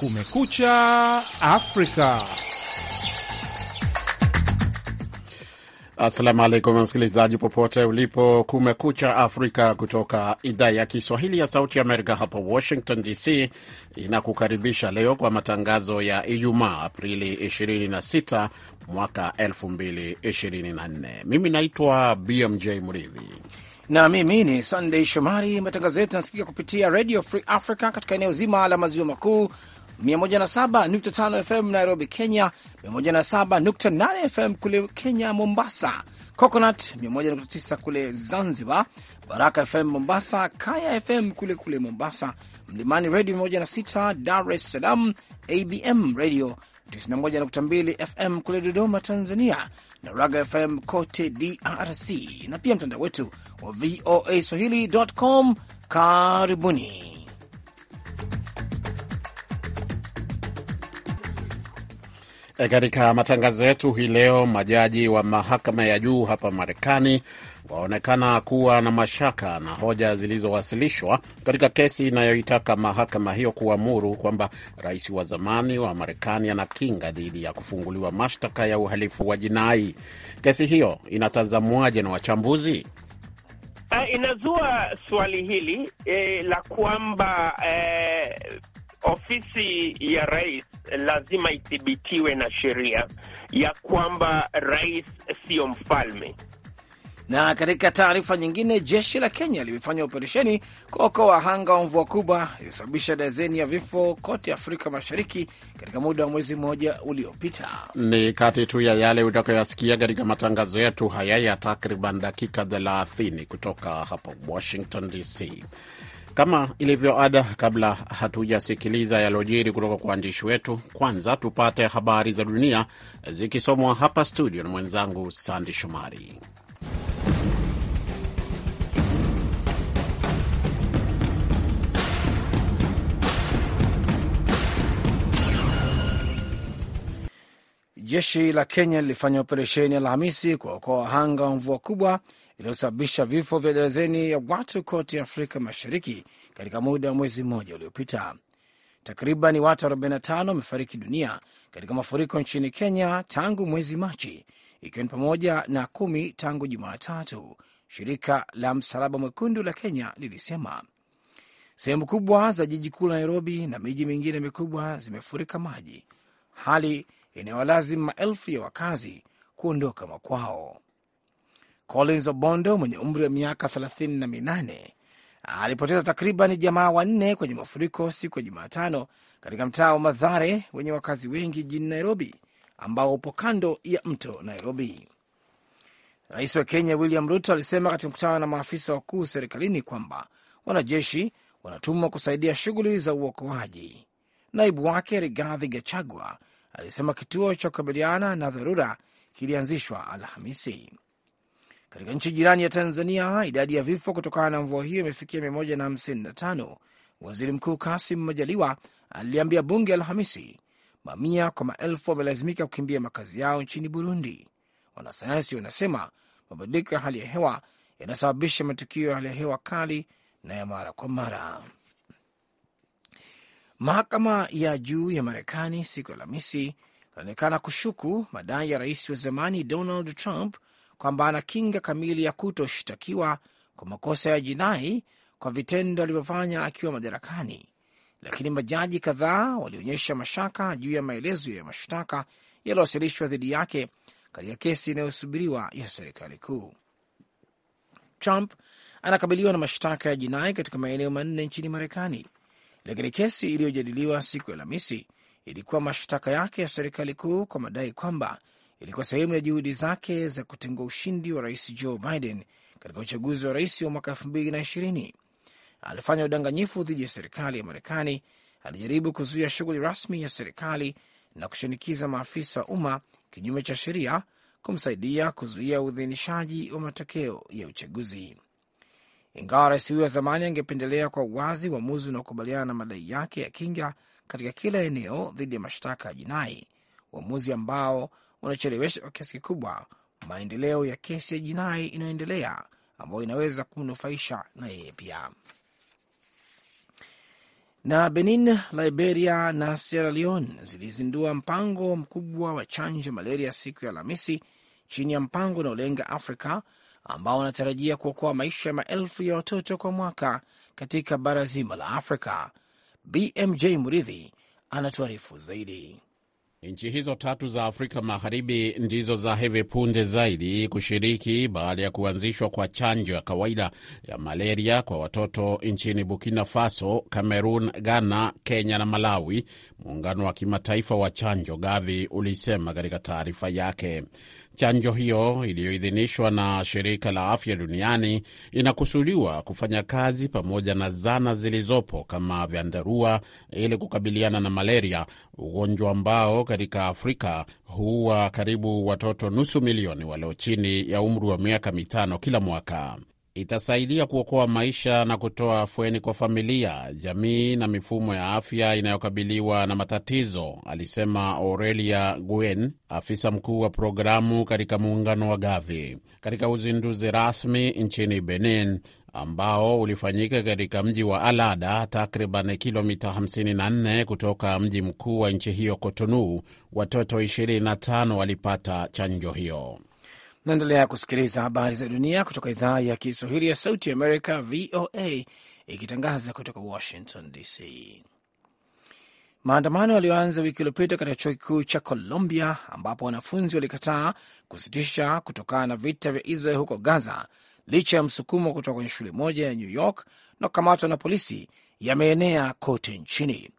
Kumekucha Afrika. Assalamu alaikum msikilizaji, popote ulipo. Kumekucha Afrika kutoka idhaa ya Kiswahili ya Sauti Amerika hapa Washington DC inakukaribisha leo kwa matangazo ya Ijumaa Aprili 26 mwaka 2024. Mimi naitwa BMJ Mridhi na mimi ni Sandey Shomari. Matangazo yetu yanasikika kupitia Radio Free Africa katika eneo zima la maziwa makuu 107.5 FM Nairobi, Kenya, 107.8 FM kule Kenya, Mombasa, Coconut 101.9 kule Zanzibar, Baraka FM Mombasa, Kaya FM kule kule Mombasa, Mlimani Radio 106 Dar es Salaam, ABM Radio 91.2 FM kule Dodoma, Tanzania, na Raga FM kote DRC, na pia mtandao wetu wa VOA Swahili.com. Karibuni. Eh, katika matangazo yetu hii leo, majaji wa mahakama ya juu hapa Marekani waonekana kuwa na mashaka na hoja zilizowasilishwa katika kesi inayoitaka mahakama hiyo kuamuru kwamba rais wa zamani wa Marekani ana kinga dhidi ya kufunguliwa mashtaka ya uhalifu wa jinai. Kesi hiyo inatazamwaje na wachambuzi? Ah, inazua swali hili eh, la kwamba eh, Ofisi ya rais lazima ithibitiwe na sheria ya kwamba rais siyo mfalme. Na katika taarifa nyingine, jeshi la Kenya limefanya operesheni kuokoa wahanga wa mvua kubwa iliyosababisha dazeni ya vifo kote Afrika Mashariki katika muda wa mwezi mmoja uliopita. Ni kati tu ya yale utakayoyasikia katika matangazo yetu haya ya takriban dakika 30 kutoka hapa Washington DC. Kama ilivyo ada, kabla hatujasikiliza yaliojiri kutoka kwa waandishi wetu, kwanza tupate habari za dunia zikisomwa hapa studio na mwenzangu Sandi Shomari. Jeshi la Kenya lilifanya operesheni Alhamisi kwa wahanga wa mvua kubwa iliyosababisha vifo vya darazeni ya watu kote Afrika Mashariki katika muda wa mwezi mmoja uliopita. Takriban watu 45 wamefariki dunia katika mafuriko nchini Kenya tangu mwezi Machi, ikiwa ni pamoja na kumi tangu Jumatatu, shirika la Msalaba Mwekundu la Kenya lilisema. Sehemu kubwa za jiji kuu la Nairobi na miji mingine mikubwa zimefurika maji, hali inayowalazimu maelfu ya wakazi kuondoka makwao. Collins Obondo mwenye umri wa miaka 38 alipoteza takriban jamaa wanne kwenye mafuriko siku ya Jumatano katika mtaa wa madhare wenye wakazi wengi jijini Nairobi, ambao upo kando ya mto Nairobi. Rais wa Kenya William Ruto alisema katika mkutano na maafisa wakuu serikalini kwamba wanajeshi wanatumwa kusaidia shughuli za uokoaji. Naibu wake Rigathi Gachagua alisema kituo cha kukabiliana na dharura kilianzishwa Alhamisi. Katika nchi jirani ya Tanzania, idadi ya vifo kutokana na mvua hiyo imefikia 155. Waziri Mkuu Kasim Majaliwa aliambia bunge Alhamisi mamia kwa maelfu wamelazimika kukimbia makazi yao nchini Burundi. Wanasayansi wanasema mabadiliko ya hali ya hewa yanasababisha matukio ya hali ya hewa kali na ya mara kwa mara. Mahakama ya juu ya Marekani siku ya Alhamisi inaonekana kushuku madai ya rais wa zamani Donald Trump kwamba ana kinga kamili ya kutoshtakiwa kwa makosa ya jinai kwa vitendo alivyofanya akiwa madarakani, lakini majaji kadhaa walionyesha mashaka juu ya maelezo ya mashtaka yaliyowasilishwa dhidi yake katika kesi inayosubiriwa ya serikali kuu. Trump anakabiliwa na mashtaka ya jinai katika maeneo manne nchini Marekani, lakini kesi iliyojadiliwa siku ya Alhamisi ilikuwa mashtaka yake ya serikali kuu kwa madai kwamba ilikuwa sehemu ya juhudi zake za kutengua ushindi wa rais Joe Biden katika uchaguzi wa rais wa mwaka elfu mbili na ishirini. Alifanya udanganyifu dhidi ya serikali ya Marekani, alijaribu kuzuia shughuli rasmi ya serikali na kushinikiza maafisa wa umma kinyume cha sheria kumsaidia kuzuia uidhinishaji wa matokeo ya uchaguzi. Ingawa rais huyo wa zamani angependelea kwa uwazi uamuzi unaokubaliana na madai yake ya kinga katika kila eneo dhidi ya mashtaka ya jinai, uamuzi ambao unachelewesha kwa kiasi kikubwa maendeleo ya kesi ya jinai inayoendelea ambayo inaweza kumnufaisha na yeye pia. Na Benin, Liberia na Sierra Leone zilizindua mpango mkubwa wa chanjo ya malaria siku ya Alhamisi chini ya mpango unaolenga Afrika ambao wanatarajia kuokoa maisha ya maelfu ya watoto kwa mwaka katika bara zima la Afrika. BMJ Muridhi anatuarifu zaidi. Nchi hizo tatu za Afrika Magharibi ndizo za hivi punde zaidi kushiriki baada ya kuanzishwa kwa chanjo ya kawaida ya malaria kwa watoto nchini Burkina Faso, Cameroon, Ghana, Kenya na Malawi, muungano wa kimataifa wa chanjo GAVI ulisema katika taarifa yake. Chanjo hiyo iliyoidhinishwa na shirika la afya duniani inakusudiwa kufanya kazi pamoja na zana zilizopo kama vyandarua ili kukabiliana na malaria, ugonjwa ambao katika Afrika huua karibu watoto nusu milioni walio chini ya umri wa miaka mitano kila mwaka itasaidia kuokoa maisha na kutoa afueni kwa familia, jamii na mifumo ya afya inayokabiliwa na matatizo, alisema Aurelia Gwen, afisa mkuu wa programu katika muungano wa Gavi, katika uzinduzi rasmi nchini Benin ambao ulifanyika katika mji wa Alada, takriban kilomita 54 kutoka mji mkuu wa nchi hiyo Cotonou. Watoto 25 walipata chanjo hiyo. Naendelea kusikiliza habari za dunia kutoka idhaa ya Kiswahili ya Sauti ya Amerika, VOA, ikitangaza kutoka Washington DC. Maandamano yaliyoanza wiki iliyopita katika chuo kikuu cha Colombia ambapo wanafunzi walikataa kusitisha kutokana na vita vya Israel huko Gaza, licha ya msukumo kutoka kwenye shule moja ya New York na kukamatwa na polisi, yameenea kote nchini.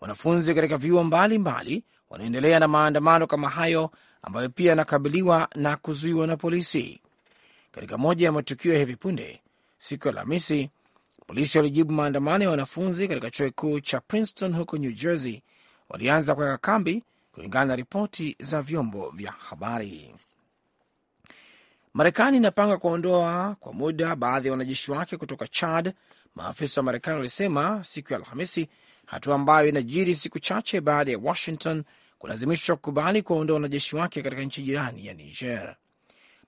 Wanafunzi katika vyuo mbalimbali wanaendelea na maandamano kama hayo ambayo pia anakabiliwa na kuzuiwa na polisi. Katika moja ya matukio ya hivi punde siku ya Alhamisi, polisi walijibu maandamano ya wanafunzi katika chuo kikuu cha Princeton huko New Jersey, walianza kuweka kambi, kulingana na ripoti za vyombo vya habari. Marekani inapanga kuondoa kwa muda baadhi ya wanajeshi wake kutoka Chad, maafisa wa Marekani walisema siku ya Alhamisi, hatua ambayo inajiri siku chache baada ya Washington kulazimishwa kukubali kuwaondoa wanajeshi wake katika nchi jirani ya Niger.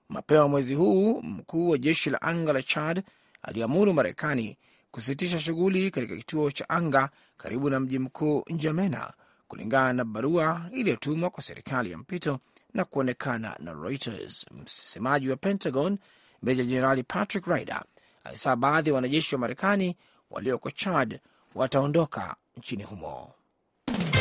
Mapema mwezi huu mkuu wa jeshi la anga la Chad aliamuru Marekani kusitisha shughuli katika kituo cha anga karibu na mji mkuu Njamena, kulingana na barua iliyotumwa kwa serikali ya mpito na kuonekana na Reuters. Msemaji wa Pentagon meja jenerali Patrick Ryder alisema baadhi ya wanajeshi wa Marekani walioko Chad wataondoka nchini humo.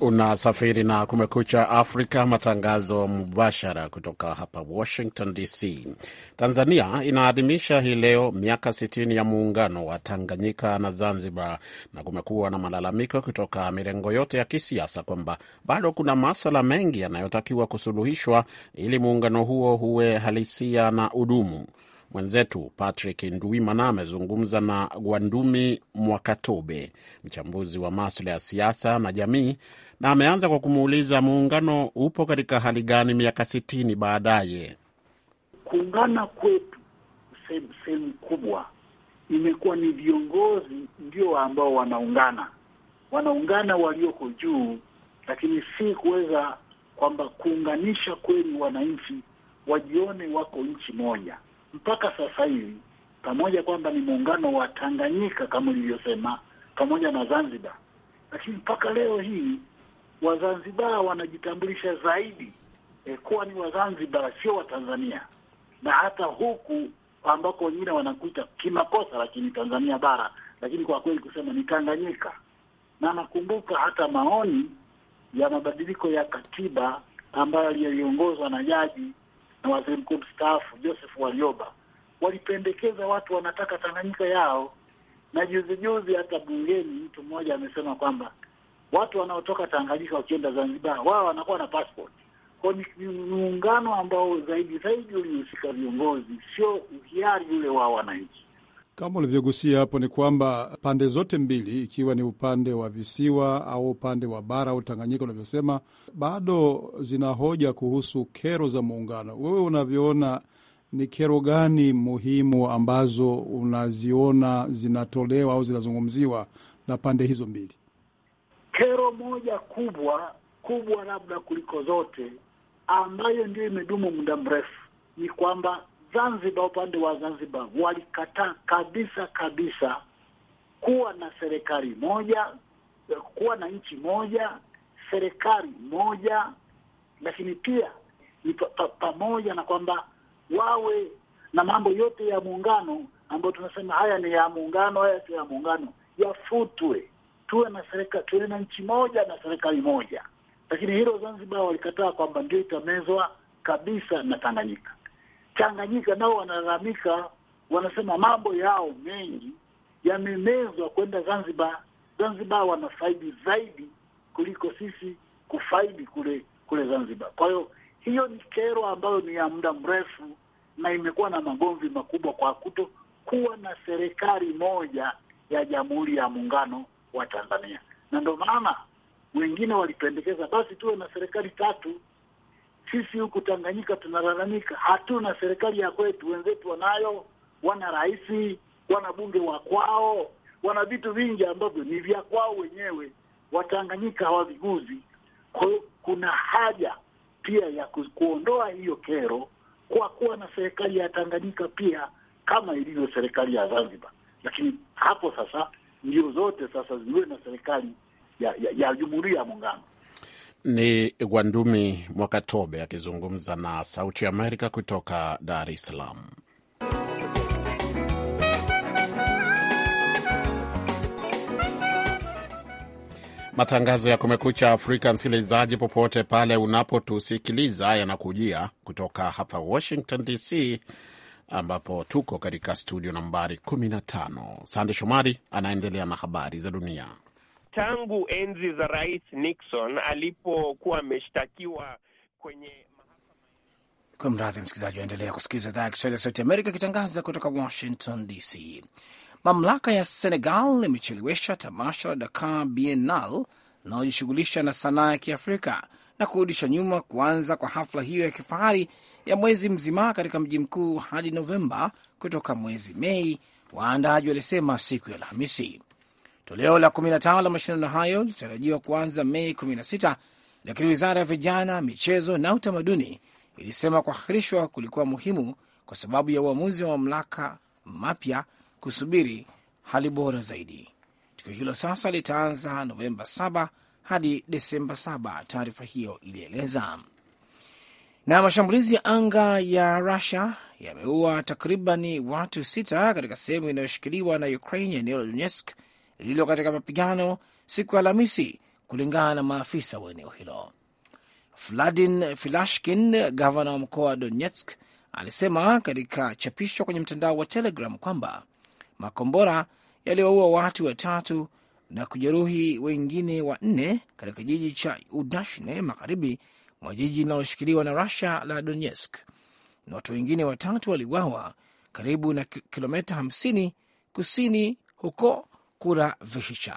Unasafiri na Kumekucha Afrika, matangazo mubashara kutoka hapa Washington DC. Tanzania inaadhimisha hii leo miaka 60 ya muungano wa Tanganyika na Zanzibar, na kumekuwa na malalamiko kutoka mirengo yote ya kisiasa kwamba bado kuna maswala mengi yanayotakiwa kusuluhishwa ili muungano huo huwe halisia na udumu. Mwenzetu Patrick Nduwimana amezungumza na Gwandumi Mwakatobe, mchambuzi wa maswala ya siasa na jamii, na ameanza kwa kumuuliza muungano upo katika hali gani miaka sitini baadaye. Kuungana kwetu sehemu kubwa imekuwa ni viongozi ndio ambao wanaungana, wanaungana walioko juu, lakini si kuweza kwamba kuunganisha kweli wananchi wajione wako nchi moja mpaka sasa hivi, pamoja kwamba ni muungano wa Tanganyika kama ilivyosema, pamoja na Zanzibar, lakini mpaka leo hii Wazanzibar wanajitambulisha zaidi eh, kuwa ni Wazanzibar, sio Watanzania, na hata huku ambako wengine wanakuita kimakosa, lakini Tanzania bara, lakini kwa kweli kusema ni Tanganyika. Na nakumbuka hata maoni ya mabadiliko ya katiba ambayo aliyoiongozwa na jaji na waziri mkuu mstaafu Joseph Warioba walipendekeza watu wanataka Tanganyika yao, na juzi juzi hata bungeni mtu mmoja amesema kwamba watu wanaotoka Tanganyika wakienda Zanzibar wao wanakuwa na passport. Kwa ni muungano ambao zaidi zaidi ulihusika viongozi, sio uhiari ule wa wananchi. Kama ulivyogusia hapo, ni kwamba pande zote mbili, ikiwa ni upande wa visiwa au upande wa bara au Tanganyika unavyosema, bado zina hoja kuhusu kero za muungano. Wewe unavyoona ni kero gani muhimu ambazo unaziona zinatolewa au zinazungumziwa na pande hizo mbili? Kero moja kubwa kubwa labda kuliko zote ambayo ndio imedumu muda mrefu ni kwamba Zanzibar, upande wa Zanzibar walikataa kabisa kabisa kuwa na serikali moja, kuwa na nchi moja, serikali moja, lakini pia ni pamoja na kwamba wawe na mambo yote ya muungano ambayo tunasema haya ni ya muungano, haya sio ya muungano, yafutwe, tuwe na serikali, tuwe na nchi moja na serikali moja. Lakini hilo Zanzibar walikataa kwamba ndio itamezwa kabisa na Tanganyika. Tanganyika nao wanalalamika, wanasema mambo yao mengi yamemezwa kwenda Zanzibar. Zanzibar wanafaidi zaidi kuliko sisi kufaidi kule kule Zanzibar. Kwa hiyo hiyo ni kero ambayo ni ya muda mrefu na imekuwa na magomvi makubwa kwa kuto kuwa na serikali moja ya Jamhuri ya Muungano wa Tanzania, na ndio maana wengine walipendekeza basi tuwe na serikali tatu sisi huku Tanganyika tunalalamika, hatuna serikali ya kwetu. Wenzetu wanayo, wana rais, wana bunge wa kwao, wana vitu vingi ambavyo ni vya kwao wenyewe. Watanganyika hawaviguzi. Kwa hiyo kuna haja pia ya kuondoa hiyo kero kwa kuwa na serikali ya Tanganyika pia kama ilivyo serikali ya Zanzibar, lakini hapo sasa ndio zote sasa ziwe na serikali ya, ya, ya Jamhuri ya Muungano. Ni Gwandumi Mwakatobe akizungumza na Sauti ya Amerika kutoka Dar es Salaam. Matangazo ya Kumekucha Afrika, msikilizaji, popote pale unapotusikiliza yanakujia kutoka hapa Washington DC, ambapo tuko katika studio nambari 15. Sande Shomari anaendelea na habari za dunia tangu enzi za Rais Nixon alipokuwa ameshtakiwa kwenye kwa mradhi msikilizaji, waendelea kusikiliza idhaa ya Kiswahili ya Sauti Amerika ikitangaza kutoka Washington DC. Mamlaka ya Senegal imechelewesha tamasha la Dakar Biennale linalojishughulisha na sanaa ya Kiafrika na kurudisha nyuma kuanza kwa hafla hiyo ya kifahari ya mwezi mzima katika mji mkuu hadi Novemba kutoka mwezi Mei, waandaaji walisema siku ya Alhamisi. Toleo la 15 la mashindano hayo litarajiwa kuanza Mei 16, lakini wizara ya vijana, michezo na utamaduni ilisema kuahirishwa kulikuwa muhimu kwa sababu ya uamuzi wa mamlaka mapya kusubiri hali bora zaidi. Tukio hilo sasa litaanza Novemba 7 hadi Desemba 7, taarifa hiyo ilieleza. Na mashambulizi ya anga ya Rusia yameua takribani watu sita katika sehemu inayoshikiliwa na Ukraine, eneo la Donetsk lililo katika mapigano siku ya Alhamisi, kulingana na maafisa wa eneo hilo. Vladin Filashkin, gavana wa mkoa wa Donetsk, alisema katika chapisho kwenye mtandao wa Telegram kwamba makombora yaliwaua watu watatu na kujeruhi wengine wanne katika kijiji cha Udashne, magharibi mwa jiji linaloshikiliwa na Rusia la Donetsk, na watu wengine watatu waliwawa karibu na kilometa 50 kusini huko kura vihisha.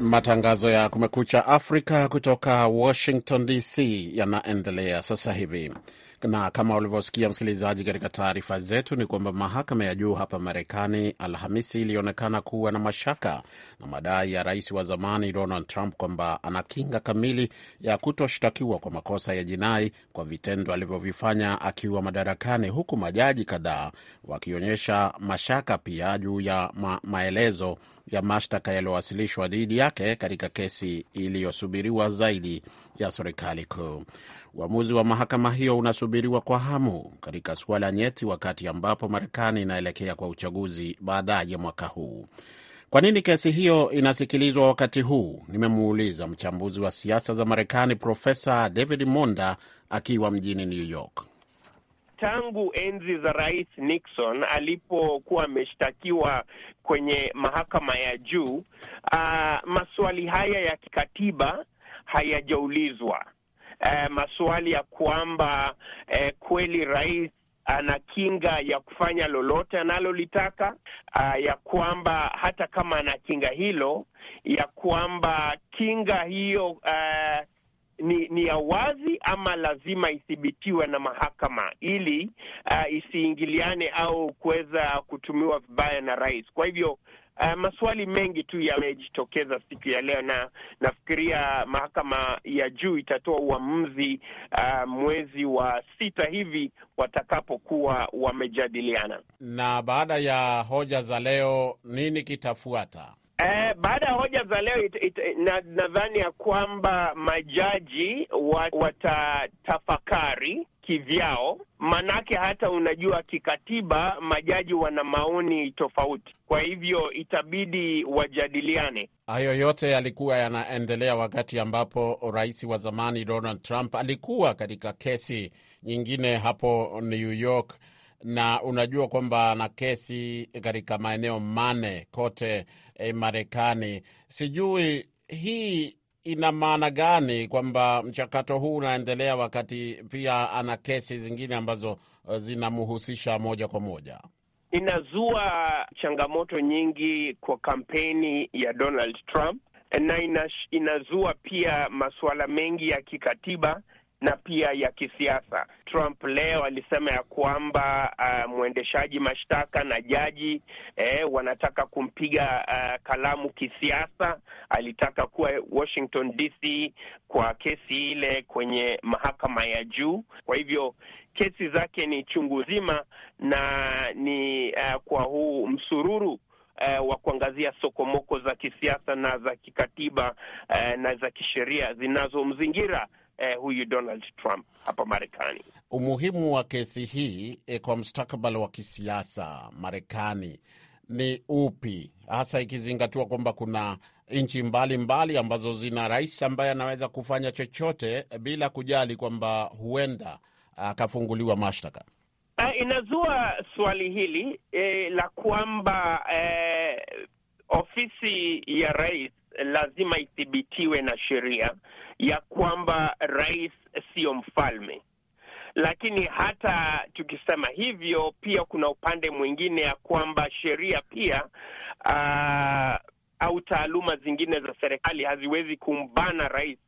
Matangazo ya Kumekucha Afrika kutoka Washington DC yanaendelea sasa hivi. Na kama ulivyosikia msikilizaji, katika taarifa zetu ni kwamba mahakama ya juu hapa Marekani Alhamisi ilionekana kuwa na mashaka na madai ya rais wa zamani Donald Trump kwamba ana kinga kamili ya kutoshtakiwa kwa makosa ya jinai kwa vitendo alivyovifanya akiwa madarakani, huku majaji kadhaa wakionyesha mashaka pia juu ya ma maelezo ya mashtaka yaliyowasilishwa dhidi yake katika kesi iliyosubiriwa zaidi ya serikali kuu. Uamuzi wa mahakama hiyo unasubiriwa kwa hamu katika suala nyeti, wakati ambapo Marekani inaelekea kwa uchaguzi baadaye mwaka huu. Kwa nini kesi hiyo inasikilizwa wakati huu? Nimemuuliza mchambuzi wa siasa za Marekani Profesa David Monda akiwa mjini New York tangu enzi za Rais Nixon alipokuwa ameshtakiwa kwenye mahakama ya juu uh, maswali haya ya kikatiba hayajaulizwa. Uh, maswali ya kwamba uh, kweli rais ana kinga ya kufanya lolote analolitaka, uh, ya kwamba hata kama ana kinga hilo, ya kwamba kinga hiyo uh, ni ni ya wazi ama lazima ithibitiwe na mahakama ili uh, isiingiliane au kuweza kutumiwa vibaya na rais. Kwa hivyo uh, maswali mengi tu yamejitokeza siku ya leo, na nafikiria mahakama ya juu itatoa uamuzi uh, mwezi wa sita hivi watakapokuwa wamejadiliana. Na baada ya hoja za leo, nini kitafuata? Eh, baada ya hoja za leo nadhani na ya kwamba majaji watatafakari kivyao manake, hata unajua kikatiba majaji wana maoni tofauti, kwa hivyo itabidi wajadiliane. Hayo yote yalikuwa yanaendelea wakati ambapo rais wa zamani Donald Trump alikuwa katika kesi nyingine hapo New York na unajua kwamba na kesi katika maeneo mane kote eh, Marekani. Sijui hii ina maana gani kwamba mchakato huu unaendelea wakati pia ana kesi zingine ambazo eh, zinamhusisha moja kwa moja. Inazua changamoto nyingi kwa kampeni ya Donald Trump na inazua pia masuala mengi ya kikatiba na pia ya kisiasa. Trump leo alisema ya kwamba uh, mwendeshaji mashtaka na jaji eh, wanataka kumpiga uh, kalamu kisiasa. Alitaka kuwa Washington DC kwa kesi ile kwenye mahakama ya juu. Kwa hivyo kesi zake ni chungu zima na ni uh, kwa huu msururu Uh, wa kuangazia sokomoko za kisiasa na za kikatiba uh, na za kisheria zinazomzingira eh, huyu Donald Trump hapa Marekani. Umuhimu wa kesi hii eh, kwa mustakabali wa kisiasa Marekani ni upi hasa, ikizingatiwa kwamba kuna nchi mbalimbali ambazo zina rais ambaye anaweza kufanya chochote bila kujali kwamba huenda akafunguliwa mashtaka. Uh, inazua swali hili eh, la kwamba eh, ofisi ya rais lazima ithibitiwe na sheria ya kwamba rais siyo mfalme. Lakini hata tukisema hivyo, pia kuna upande mwingine ya kwamba sheria pia uh, au taaluma zingine za serikali haziwezi kumbana rais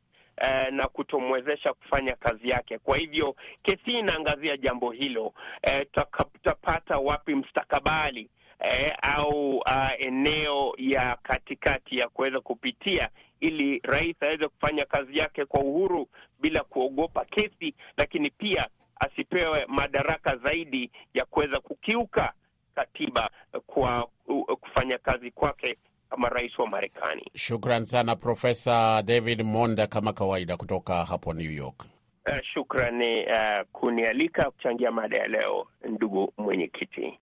uh, na kutomwezesha kufanya kazi yake. Kwa hivyo kesi hii inaangazia jambo hilo, eh, tutapata wapi mstakabali eh, au uh, eneo ya katikati ya kuweza kupitia ili rais aweze kufanya kazi yake kwa uhuru bila kuogopa kesi, lakini pia asipewe madaraka zaidi ya kuweza kukiuka katiba kwa kufanya kazi kwake kama rais wa Marekani. Shukran sana Profesa David Monda, kama kawaida kutoka hapo New York. Uh, shukrani uh, kunialika kuchangia mada ya leo, ndugu mwenyekiti.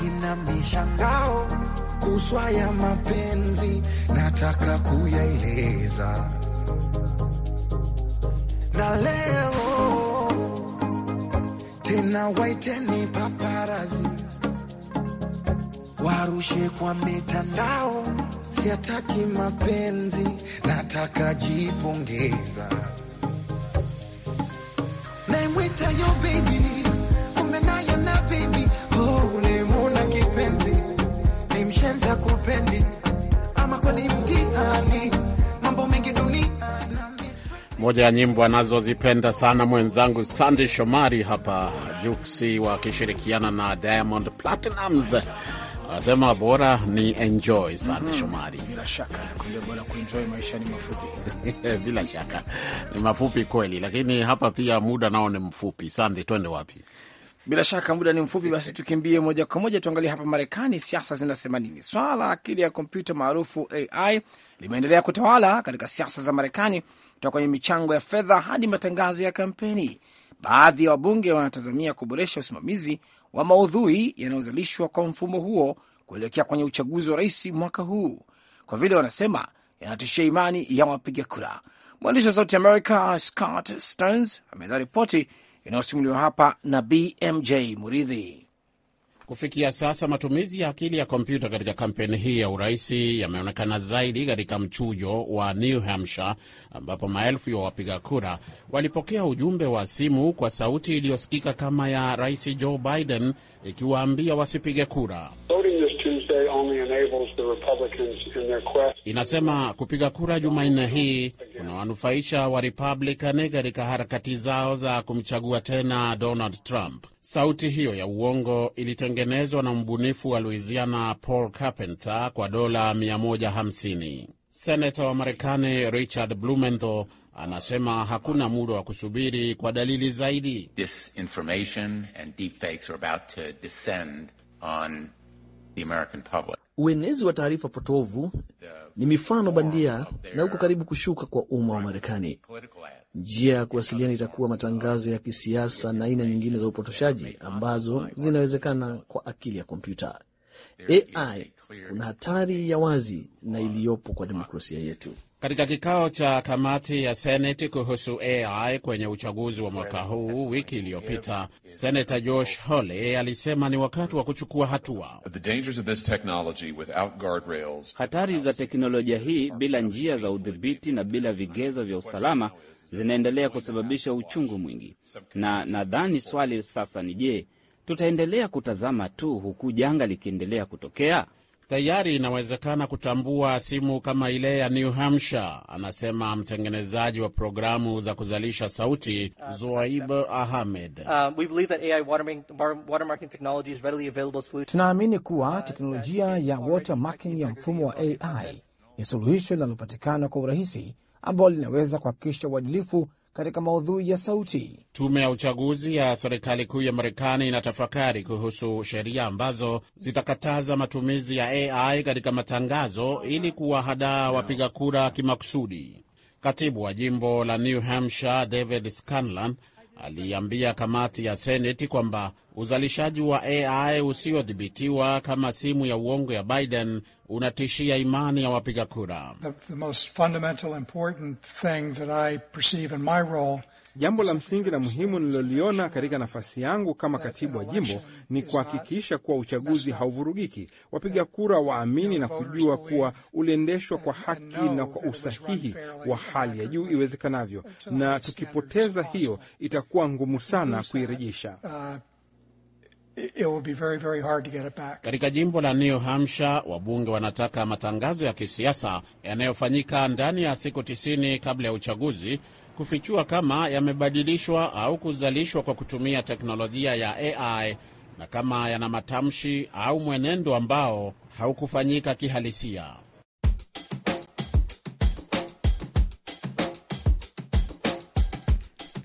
kina mishangao kuswa ya mapenzi, nataka kuyaeleza na leo tena, waiteni paparazi warushe kwa mitandao, siataki mapenzi, nataka jipongeza, naimwita yo bebi, na bebi oh, ama kweli mtihani, mambo mengi dunia. Moja ya nyimbo anazozipenda sana mwenzangu Sandy Shomari hapa Juksi, wakishirikiana na Diamond Platnumz anasema bora ni enjoy Sandy mm -hmm. Shomari, bila shaka nakwambia, bora kuenjoy, maisha ni mafupi bila shaka ni mafupi kweli, lakini hapa pia muda nao ni mfupi. Sandy, twende wapi? Bila shaka muda ni mfupi, basi tukimbie moja kwa moja tuangalie hapa Marekani, siasa zinasema nini. Swala la akili ya kompyuta maarufu AI limeendelea kutawala katika siasa za Marekani, kutoka kwenye michango ya fedha hadi matangazo ya kampeni. Baadhi ya wabunge wanatazamia kuboresha usimamizi wa maudhui yanayozalishwa kwa mfumo huo kuelekea kwenye uchaguzi wa rais mwaka huu, kwa vile wanasema yanatishia imani ya wapiga kura. Mwandishi wa Sauti America Scott Stearns ameandaa ripoti inayosimuliwa hapa na BMJ Muridhi. Kufikia sasa matumizi ya akili ya kompyuta katika kampeni hii ya uraisi yameonekana zaidi katika mchujo wa New Hampshire ambapo maelfu ya wapiga kura walipokea ujumbe wa simu kwa sauti iliyosikika kama ya Rais Joe Biden ikiwaambia wasipige kura. Voting Tuesday only enables the Republicans in their quest. Inasema kupiga kura Jumanne hii kunawanufaisha wa Republican katika harakati zao za kumchagua tena Donald Trump. Sauti hiyo ya uongo ilitengenezwa na mbunifu wa Louisiana Paul Carpenter kwa dola 150. Senata wa Marekani Richard Blumenthal anasema hakuna muda wa kusubiri kwa dalili zaidi. and deepfakes are about to descend on Uenezi wa taarifa potovu ni mifano bandia na uko karibu kushuka kwa umma wa Marekani. Njia ya kuwasiliana itakuwa matangazo ya kisiasa na aina nyingine za upotoshaji ambazo zinawezekana kwa akili ya kompyuta. AI kuna hatari ya wazi na iliyopo kwa demokrasia yetu. Katika kikao cha kamati ya Seneti kuhusu AI kwenye uchaguzi wa mwaka huu wiki iliyopita, Senata Josh Hawley alisema ni wakati wa kuchukua hatua. Hatari za teknolojia hii bila njia za udhibiti na bila vigezo vya usalama zinaendelea kusababisha uchungu mwingi, na nadhani swali sasa ni je, tutaendelea kutazama tu huku janga likiendelea kutokea? tayari inawezekana kutambua simu kama ile ya New Hampshire, anasema mtengenezaji wa programu za kuzalisha sauti Zuaib Zoaib Ahmed. Uh, tunaamini kuwa uh, teknolojia uh, ya watermarking ya mfumo wa AI ni suluhisho linalopatikana kwa urahisi ambalo linaweza kuhakikisha uadilifu katika maudhui ya sauti. Tume ya uchaguzi ya serikali kuu ya Marekani inatafakari kuhusu sheria ambazo zitakataza matumizi ya AI katika matangazo ili kuwahadaa wapiga kura kimakusudi. Katibu wa jimbo la New Hampshire David Scanlan aliambia kamati ya Seneti kwamba uzalishaji wa AI usiodhibitiwa kama simu ya uongo ya Biden unatishia imani ya wapiga kura. Jambo la msingi na muhimu nililoliona katika nafasi yangu kama katibu wa jimbo ni kuhakikisha kuwa uchaguzi hauvurugiki, wapiga kura waamini na kujua kuwa uliendeshwa kwa haki na kwa usahihi wa hali ya juu iwezekanavyo, na tukipoteza hiyo itakuwa ngumu sana kuirejesha. Katika jimbo la New Hampshire wabunge wanataka matangazo ya kisiasa yanayofanyika ndani ya siku 90 kabla ya uchaguzi kufichua kama yamebadilishwa au kuzalishwa kwa kutumia teknolojia ya AI na kama yana matamshi au mwenendo ambao haukufanyika kihalisia.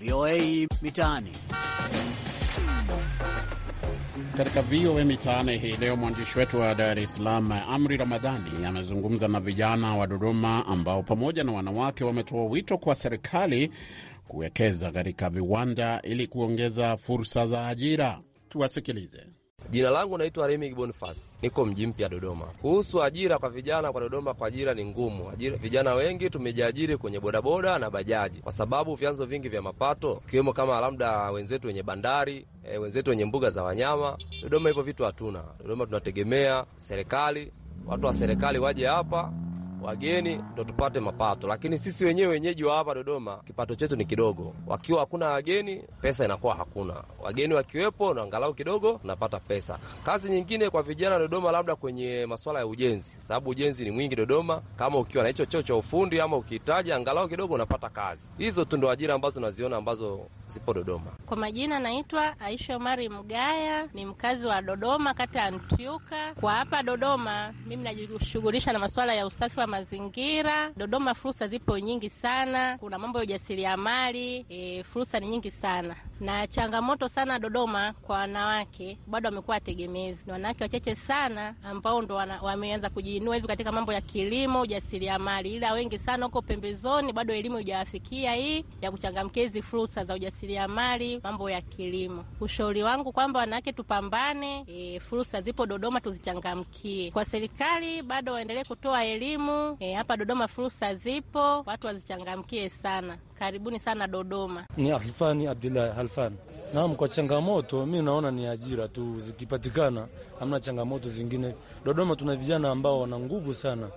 VOA Mitaani. Katika VOA Mitaani hii leo, mwandishi wetu wa Dar es Salaam Amri Ramadhani amezungumza na vijana wa Dodoma ambao pamoja na wanawake wametoa wito kwa serikali kuwekeza katika viwanda ili kuongeza fursa za ajira. Tuwasikilize. Jina langu naitwa Remig Bonifas, niko mji mpya Dodoma. Kuhusu ajira kwa vijana kwa Dodoma, kwa ajira ni ngumu. Ajira, vijana wengi tumejiajiri kwenye bodaboda na bajaji, kwa sababu vyanzo vingi vya mapato ikiwemo kama labda wenzetu wenye bandari e, wenzetu wenye mbuga za wanyama. Dodoma hivyo vitu hatuna. Dodoma tunategemea serikali, watu wa serikali waje hapa wageni ndo tupate mapato, lakini sisi wenyewe wenyeji wa hapa Dodoma kipato chetu ni kidogo. Wakiwa hakuna wageni, pesa inakuwa hakuna. Wageni wakiwepo, na angalau kidogo tunapata pesa. Kazi nyingine kwa vijana Dodoma, labda kwenye masuala ya ujenzi, sababu ujenzi ni mwingi Dodoma. Kama ukiwa na hicho cheo cha ufundi ama ukihitaji angalau kidogo, unapata kazi. Hizo tu ndo ajira ambazo naziona ambazo zipo Dodoma. Kwa majina naitwa Aisha Omari Mgaya, ni mkazi wa Dodoma, kata ya Ntiuka. Kwa hapa Dodoma mimi najishughulisha na masuala ya usafi mazingira. Dodoma fursa zipo nyingi sana, kuna mambo ya ujasiriamali e, fursa ni nyingi sana na changamoto sana Dodoma kwa wanawake bado wamekuwa wategemezi. Ni wanawake wachache sana ambao ndo wameanza kujiinua hivi katika mambo ya kilimo, ujasiriamali, ila wengi sana huko pembezoni bado elimu ijawafikia hii ya kuchangamkia hizi fursa za ujasiriamali, mambo ya kilimo. Ushauri wangu kwamba wanawake tupambane, e, fursa zipo Dodoma tuzichangamkie. Kwa serikali bado waendelee kutoa elimu e, hapa Dodoma fursa zipo, watu wazichangamkie sana. Karibuni sana Dodoma. Ni Alfani Abdullahi Alfani. Naam, kwa changamoto mi naona ni ajira tu zikipatikana, hamna changamoto zingine. Dodoma tuna vijana ambao wana nguvu sana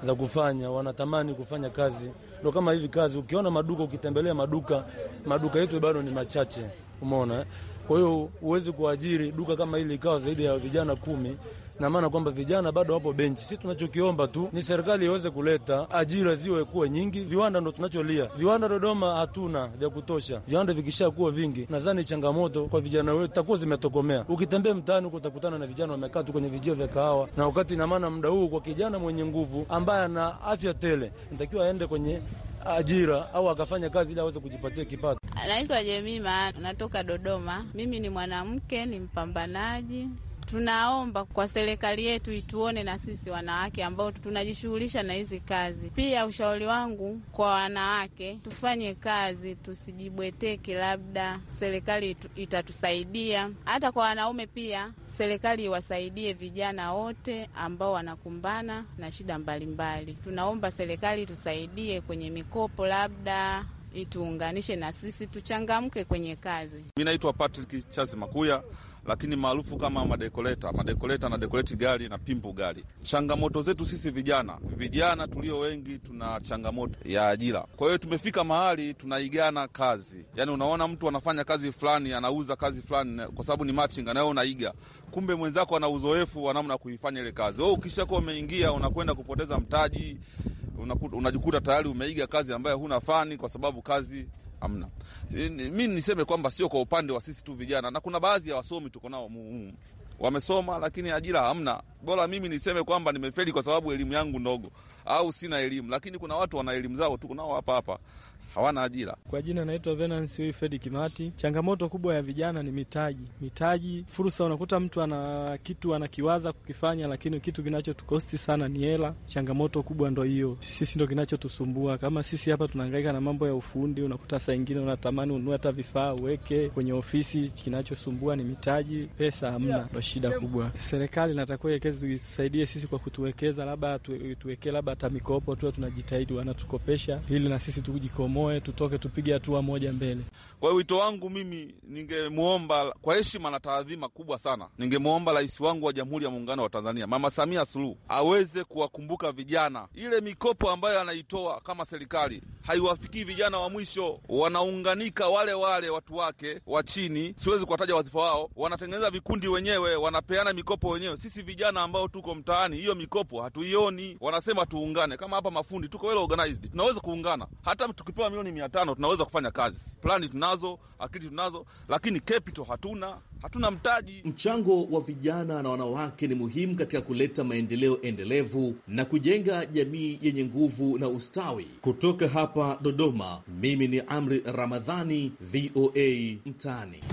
za kufanya, wanatamani kufanya kazi, ndo kama hivi kazi. Ukiona maduka, ukitembelea maduka, maduka yetu bado ni machache, umeona. Eh? Kwa hiyo huwezi kuajiri duka kama hili ikawa zaidi ya vijana kumi na maana kwamba vijana bado wapo benchi. Sisi tunachokiomba tu ni serikali iweze kuleta ajira, ziwe kuwa nyingi. Viwanda ndo tunacholia, viwanda Dodoma hatuna vya kutosha. Viwanda vikisha kuwa vingi, nadhani changamoto kwa vijana wetu takuwa zimetokomea. Ukitembea mtaani huko utakutana na vijana wamekaa tu kwenye vijio vya kahawa, na wakati na maana muda huu kwa kijana mwenye nguvu ambaye ana afya tele, natakiwa aende kwenye ajira au akafanya kazi ili aweze kujipatia kipato. Naitwa Jemima, natoka Dodoma. Mimi ni mwanamke, ni mpambanaji, Tunaomba kwa serikali yetu ituone na sisi wanawake ambao tunajishughulisha na hizi kazi. Pia ushauri wangu kwa wanawake, tufanye kazi, tusijibweteke, labda serikali itatusaidia. Hata kwa wanaume pia, serikali iwasaidie vijana wote ambao wanakumbana na shida mbalimbali. Tunaomba serikali itusaidie kwenye mikopo, labda ituunganishe na sisi tuchangamke kwenye kazi. Mi naitwa Patrick Chazi Makuya lakini maarufu kama madekoleta. Madekoleta na dekoleti gari na pimpu gari. Changamoto zetu sisi vijana, vijana tulio wengi, tuna changamoto ya ajira. Kwa hiyo tumefika mahali tunaigana kazi, yani unaona mtu anafanya kazi fulani, anauza kazi fulani kwa sababu ni machinga, nawe unaiga, kumbe mwenzako ana uzoefu wa namna kuifanya ile kazi. Wewe ukishakuwa umeingia, unakwenda kupoteza mtaji, unajikuta tayari umeiga kazi ambayo huna fani, kwa sababu kazi hamna. Eh, mi niseme kwamba sio kwa upande wa sisi tu vijana, na kuna baadhi ya wasomi tuko nao muhumu wamesoma lakini ajira hamna. Bora mimi niseme kwamba nimefeli kwa sababu elimu yangu ndogo au sina elimu, lakini kuna watu wana elimu zao tu nao hapa hapa hawana ajira. Kwa jina naitwa Venance Fred Kimati. Changamoto kubwa ya vijana ni mitaji, mitaji, fursa. Unakuta mtu ana kitu anakiwaza kukifanya, lakini kitu kinachotukosti sana ni hela. Changamoto kubwa ndo hiyo, sisi ndo kinachotusumbua. Kama sisi hapa tunaangaika na mambo ya ufundi, unakuta saa ingine unatamani ununue hata vifaa uweke kwenye ofisi, kinachosumbua ni mitaji, pesa hamna, ndo shida kubwa. Serikali inatakiwa iwekeze, itusaidie sisi kwa kutuwekeza, labda tuwekee labda hata mikopo, tuwe tunajitahidi, wanatukopesha ili na sisi tujikomboe tukomoe, tutoke, tupige hatua moja mbele. Kwa hiyo wito wangu mimi, ningemwomba kwa heshima na taadhima kubwa sana, ningemwomba rais wangu wa Jamhuri ya Muungano wa Tanzania Mama Samia Suluhu aweze kuwakumbuka vijana. Ile mikopo ambayo anaitoa kama serikali haiwafikii vijana wa mwisho, wanaunganika wale wale watu wake wa chini, siwezi kuwataja wadhifa wao, wanatengeneza vikundi wenyewe, wanapeana mikopo wenyewe. Sisi vijana ambao tuko mtaani, hiyo mikopo hatuioni. Wanasema tuungane, kama hapa mafundi tuko well organized, tunaweza kuungana hata tukipewa tukitoa milioni mia tano tunaweza kufanya kazi. Plani tunazo, akili tunazo, lakini capital hatuna, hatuna mtaji. Mchango wa vijana na wanawake ni muhimu katika kuleta maendeleo endelevu na kujenga jamii yenye nguvu na ustawi. Kutoka hapa Dodoma, mimi ni Amri Ramadhani, VOA Mtaani.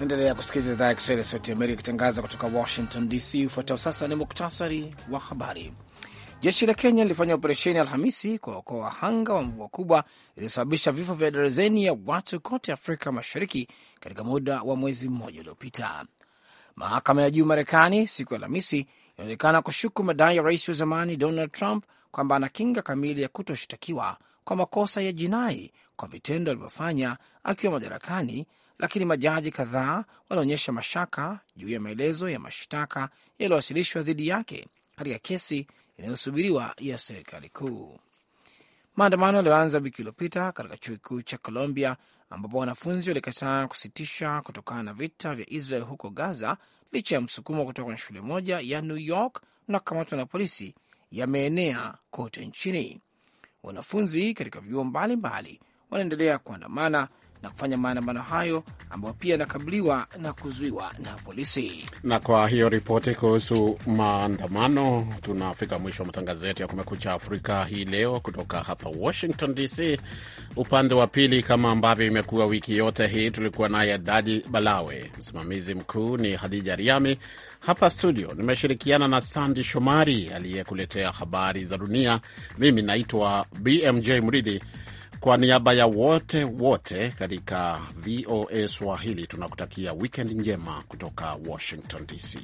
Naendelea kusikiliza idhaa ya Kiswahili ya Sauti Amerika ikitangaza kutoka Washington DC. Ufuatao sasa ni muktasari wa habari. Jeshi la Kenya lilifanya operesheni Alhamisi kwa okoa wahanga wa mvua kubwa iliyosababisha vifo vya darazeni ya watu kote Afrika Mashariki katika muda wa mwezi mmoja uliopita. Mahakama ya juu Marekani siku ya Alhamisi inaonekana kushuku madai ya rais wa zamani Donald Trump kwamba ana kinga kamili ya kutoshtakiwa kwa makosa ya jinai kwa vitendo alivyofanya akiwa madarakani, lakini majaji kadhaa wanaonyesha mashaka juu ya maelezo ya mashtaka yaliyowasilishwa dhidi yake katika kesi inayosubiriwa ya serikali kuu. Maandamano yaliyoanza wiki iliyopita katika chuo kikuu cha Colombia, ambapo wanafunzi walikataa kusitisha kutokana na vita vya Israel huko Gaza, licha ya msukumo kutoka kwenye shule moja ya New York na kukamatwa na polisi, yameenea kote nchini. Wanafunzi katika vyuo mbalimbali wanaendelea kuandamana na kufanya maandamano hayo ambayo pia yanakabiliwa na kuzuiwa na polisi. Na kwa hiyo ripoti kuhusu maandamano, tunafika mwisho wa matangazo yetu ya Kumekucha Afrika hii leo kutoka hapa Washington DC. Upande wa pili, kama ambavyo imekuwa wiki yote hii, tulikuwa naye Dadi Balawe, msimamizi mkuu ni Hadija Riami. Hapa studio nimeshirikiana na Sandi Shomari aliyekuletea habari za dunia. Mimi naitwa BMJ Mridhi. Kwa niaba ya wote wote katika VOA Swahili tunakutakia wikend njema kutoka Washington DC.